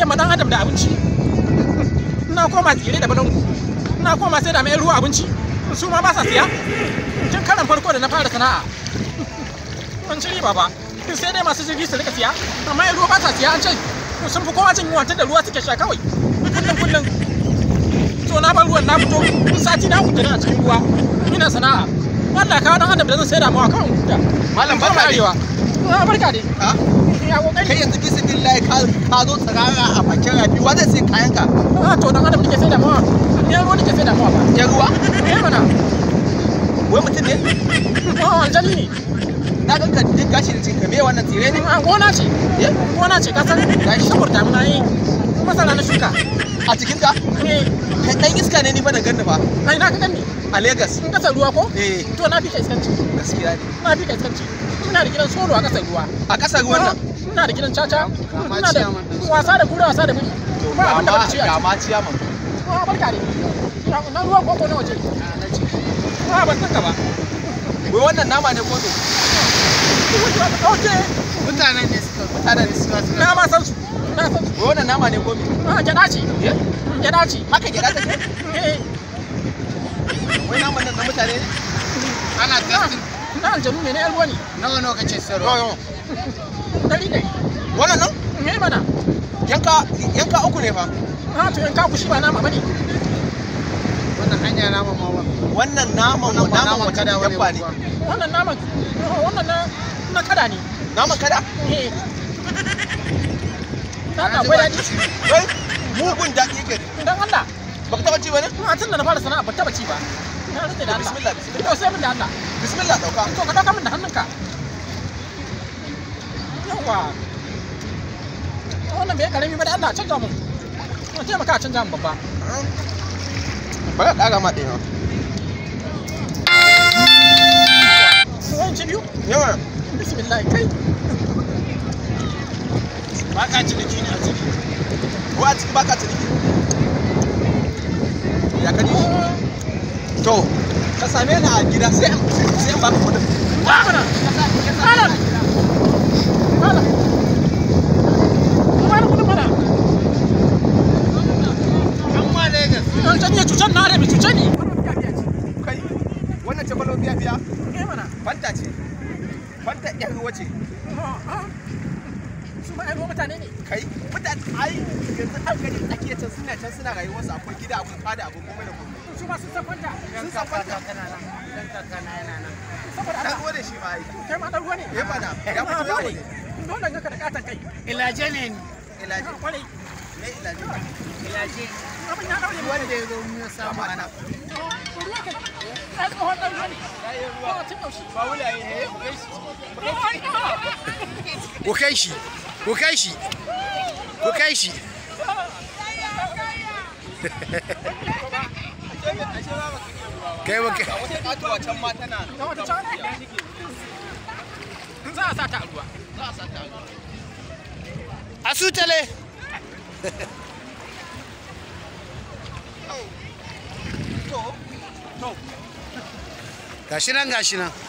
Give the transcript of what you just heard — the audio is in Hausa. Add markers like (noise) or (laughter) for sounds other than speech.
yamma dan adam da abinci ina koma tsire da balangu ina koma sai da mai ruwa abinci su ma ba sa siya tun karan farko da na fara sana'a ban ci riba ba sai dai masu jirgi su rika siya amma yan ruwa ba sa siya an ce sun fi kowa cin yiwanta da ruwa suke sha kawai kullum kullum So na bar ruwan na fito sati na hutu na cikin ruwa ina sana'a Allah kawo dan adam da zan sai da mawa kawai huta malam barka dai ah, barka dai ah? ya kokari ka zo tsirara a bakin rafi wa zai sai kayan ka a ah, to dan adam nake sai da mawa ne ruwa nake sai da mawa ba ya ruwa eh mana wai mutum ne a ah, anjali ne na ganka jin gashi da cikin me wannan tsire ne a ah, gona ce eh gona ce ka san gashi saboda damuna yi masara na shuka a cikin ta eh kai dan iska ne ni fa da ganni ba ai na ka ganni a Lagos in kasar ruwa ko eh to na fi ka iskanci gaskiya ne na fi ka iskanci ina da gidan solo a kasar ruwa a kasar ruwan nan ina da gidan caca ina da wasa da kura wasa da miji ba abin da ba ci ga ma ciya man ba barka ne na ruwan koko na waje ba ban tanka ba wai wannan nama ne koko mutanen ne suka mutanen ne suka na ma san su na san su wai wannan nama ne komi a ah, gyada ce eh? gyada ce haka gyada take (laughs) eh. wai naman nan na mutane ne ana testing na aljanu ne na yarwa ne nawa nawa kace sayarwa yo dari ne wannan nan me mana yanka yanka uku ne fa ha to yanka ku shi ba nama bane wannan hanya nama ma wannan nama nama wata dabba ne wannan nama wannan na na kada ne nama kada eh ta ta gwada mu gun daɗi yake dan Allah baka taba ci ba ne a tun da na fara sana'a ba taba ci ba na rantsa da Allah bismillah da Allah bismillah dauka min da hannunka yawa wannan bai karami ba da Allah canja mun kuma taimaka a canja mun babba ba ka kara ma ɗaya wani ci biyu yawa bismillah kai ba ka ciniki ne a ciki ko a ciki ba ka to ka same ni a gida sai in sai in baka kudin malam malam malam malam kudin malam amma Lagos an tabiya cutar na rabi cutar ne kai wannan ce kwalo biya biya eh fanta ce fanta yan ruwa ce ah, ah. su ma ai mutane ne kai mutane ai yanzu an gani tsakiya can suna can suna rayuwar su akwai gida akwai fada akwai komai da komai su ma sun san kwanta sun san kwanta kana nan dan kakana yana nan saboda an gode shi ai kai ma dan ruwa ne ya fada ya fito ya dole ga ka da katan kai ilaje ne ilaje ya ko kai shi. kai shi. kai shi. Kai ba kai. a sa ta a (laughs) gashi nan gashi nan